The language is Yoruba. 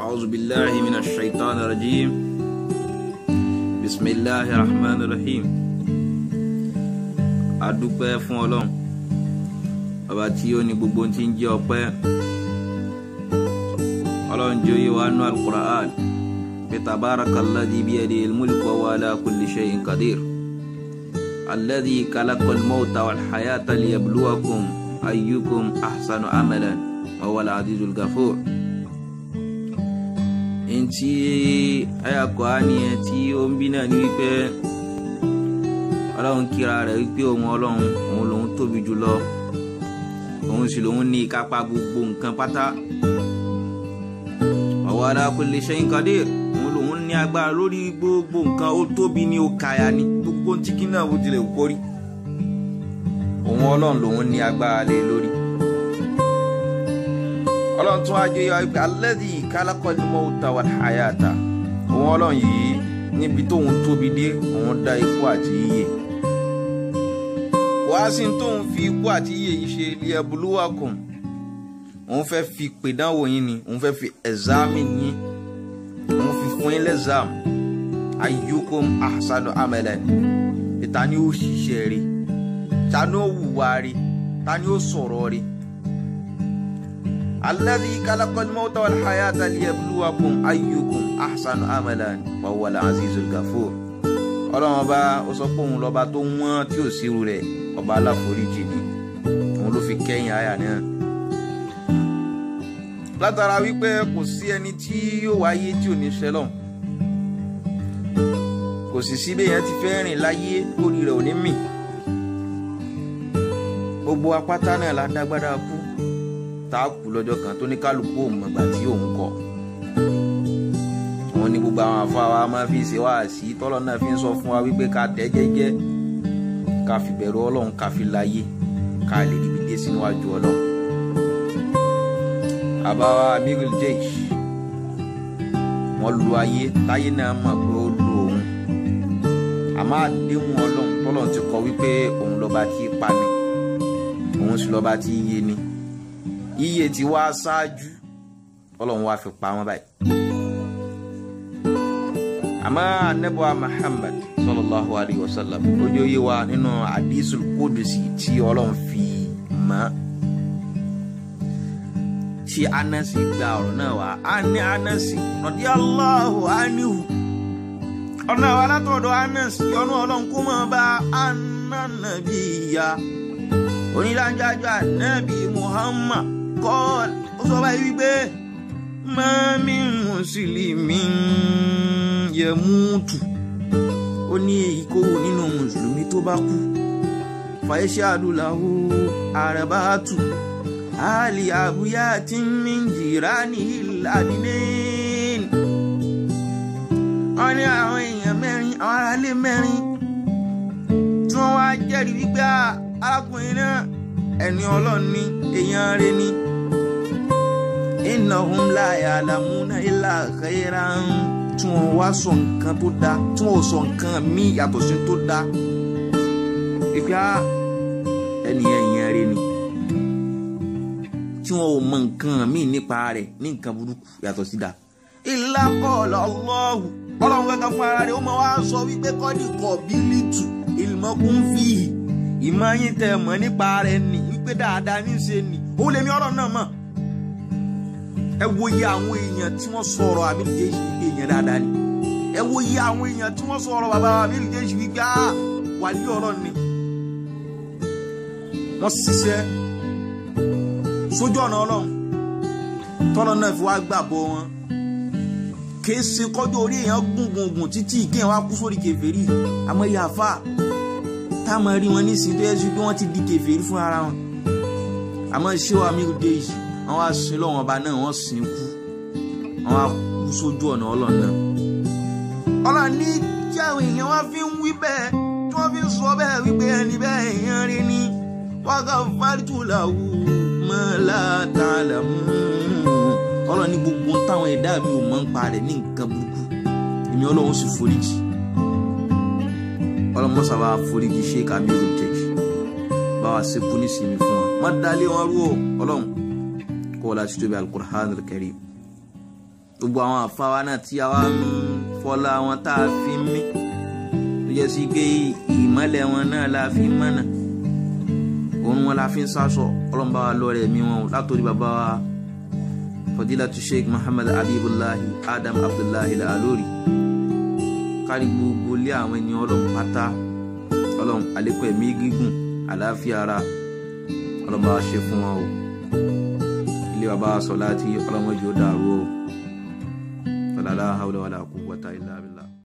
أعوذ بالله من الشيطان الرجيم بسم الله الرحمن الرحيم adúpẹ́ fún ọlọ́run ọba tí ó ní gbogbo tí ń jẹ́ ọpẹ́ ọlọ́run jẹ́ oyè wa nú alukura'an pé tabarakalladhi biyadihi al-mulku wa ala kulli shay'in qadir alladhi khalaqal mawta wal hayata liyabluwakum ayyukum ahsanu amalan wa huwa al-azizul tí ayakọ̀ á ní ẹ tí ó ń bí náà ní wípé ọlọ́run kíra rẹ̀ wípé òun ọlọ́run òun lòun tóbi jùlọ òun sì lòun ní ìkápá gbogbo nǹkan pátá ọ̀wọ́ adáko lè ṣẹ́yìn kan dé òun lòun ní agbára lórí gbogbo nǹkan ó tóbi ní ó kàyà gbogbo tí náà ó tilẹ̀ kórí òun ọlọ́run lòun ní agbára lé lórí ọlọ́run tún ajé yọ ipa alẹ́dì kálákọ́límọ́ òta wà láyàtà òun ọlọ́run yìí níbi tóun tóbi dé òun dá ikú àti iyè wàá sí tóun fi ikú àti iyè yìí ṣe ilé ẹbú lówàkùn òun fẹ́ fi pèdánwò yín ni òun fẹ́ fi ẹ̀zámì yín òun fi fún yín lẹ́zàm ayyukum ahsanu amalan ìta ni ó ṣiṣẹ́ rí ta ni ó wùwà rí ta ni ó sọ̀rọ̀ rí. الذي خلق الموت والحياة ليبلوكم أيكم أحسن عملا وهو العزيز الغفور ọlọ́run ọba ó sọ pé òun lọ́ba tó wọ́n tí ò sírú rẹ̀ ọba aláforíjì ni òun ló fi kẹ́yìn àyà náà látara wípé kò sí ẹni tí yóò wáyé tí ò ní ṣẹlọ̀ kò sì sí bẹ́yẹn ti fẹ́ rìn láyé orí rẹ̀ ò ní mì gbogbo apáta náà la dágbára kú tá a kú lọ́jọ́ kan tó ní kálukú òun mọ̀gbà tí òun kọ̀ wọn ní gbogbo àwọn afá wa máa fi ṣe wá sí tọ́lọ́ náà fi ń sọ fún wa wípé ká tẹ́ jẹ́jẹ́ ká fi bẹ̀rù ọlọ́run ká fi láyé ká lè ríbi dé síwájú ọlọ́run. àbáwá amirul jeish wọn lu ayé táyé náà mọ̀ pé ó lu òun àmọ́ àdéhùn ọlọ́run tọ́lọ́run ti kọ wípé òun lọ́ba tí pa ni òun sì lọ́ba tí yé ni iye tí wá ṣáájú ọlọ́run wá fi pa wọ́n báyìí. àmọ́ anábọ́à Muhammad sallallahu alayhi wa sallam ojú yé wa nínú hadisul kudusi tí ọlọ́run fi mọ́ tí anasi gba ọ̀rọ̀ náà wá a ní anasi radiyallahu anhu ọ̀nà wa látọ̀dọ̀ anasi ọ̀nà ọlọ́run kó mọ̀ bá ananabiya onídàájọ́ ànábì Muhammad. God ó sọ báyìí wípé mami mùsùlùmí yẹ múùtù ó ní èyí kóró nínú mùsùlùmí tó bá kú fàyẹ́sẹ́ àdúláwò àràbàtù àlì àbúyá tí ń mí jìrá ní ìlàdílé wọ́n ní àwọn èèyàn mẹ́rin àwọn aráalé mẹ́rin tí wọ́n wá jẹ́rìí wípé ah, arákùnrin náà ẹni ọlọ́run èèyàn rẹ̀ ni innahum la ya'lamuna illa khairan tí wọ́n wá sọ nǹkan tó dáa tí wọ́n sọ nǹkan mí yàtọ̀ sí tó dáa ìgbà ah, ẹnìyẹn ìyẹn rí ni tí wọn ò mọ nǹkan míì nípa rẹ̀ ní nǹkan burúkú yàtọ̀ sí dáa. illa qala Allahu ọlọ́run kankan fún ara rẹ̀ ó máa wá sọ wípé kọ́dí kọ̀ bílítù ìmọ̀kún fìhì ìmọ̀ yín tẹ̀ mọ́ nípa rẹ̀ nì wípé dáadáa ní í ṣe nì ó lè mi ọ̀rọ̀ náà mọ̀ ẹ wo iye àwọn èèyàn tí wọ́n sọ ọ̀rọ̀ Aminu Jaysh wípé èèyàn dáadáa ni ẹ wo iye àwọn èèyàn tí wọ́n sọ ọ̀rọ̀ bàbá Aminu Jaysh wípé a wàlí ọ̀rọ̀ ni wọ́n ṣiṣẹ́ sójú ọ̀nà ọlọ́run tọ́lọ́ náà fi wá gbàgbọ́ wọn kìí ṣe kọjú orí èèyàn gùngùngùn títí kéèyàn wá kú sórí kèfèrí àmọ́ ìyá àfa táwọn rí wọn nísìnyí tó yẹ kí wọ́n ti di kèfèrí fún ara wọn àmọ́ ṣé wàá mi ò dé yìí wọ́n wá sin lọ́wọ́n ọba náà wọ́n sin kú wọ́n wá kú sójú ọ̀nà ọlọ́run náà. ọlọ́run ní tí àwọn èèyàn wá fi ń wí bẹ́ẹ̀ tí wọ́n fi ń sọ bẹ́ẹ̀ wípé ẹni bẹ́ẹ̀ èèyàn rí ni wọ́n kà fájú làwù mọ́ látàlà mú. ọlọ́run ní gbogbo táwọn ẹ̀dá mi ò mọ̀ ń pa rẹ̀ ní nǹkan burúkú èmi ọlọ́run sì foríjì ọlọ́mọ́sàbà foríjì ṣé kàmí ò jẹ́ báwa ṣe kú nísìnyí fún wa má dalé wọn rú ọ ọlọ́run kọ́ láti tóbi alukur'an kẹrì gbogbo àwọn àfáwa náà tí a wá ń fọlá wọn tá a fi ń mí tó jẹ́ sí pé ìmọ̀lẹ̀ wọn náà la fi ń mọ̀nà òun wọn la fi ń sásọ ọlọ́run wa lọ́rẹ̀ mi wọn látòrí bàbá wa fadilatu sheikh muhammad abibulahi adam abdullahi alori kárí gbogbo lé àwọn ènìyàn ọlọ́run pátá ọlọ́run àlékún ẹ̀mí gígùn àlàáfíà ara ọlọ́run ṣe fún wọn o ilé bàbá sọlá tí ọlọ́mọ yìí ó dàrú o. ọ̀làlá haúlẹ̀ wàlà kú wọ́tá ilá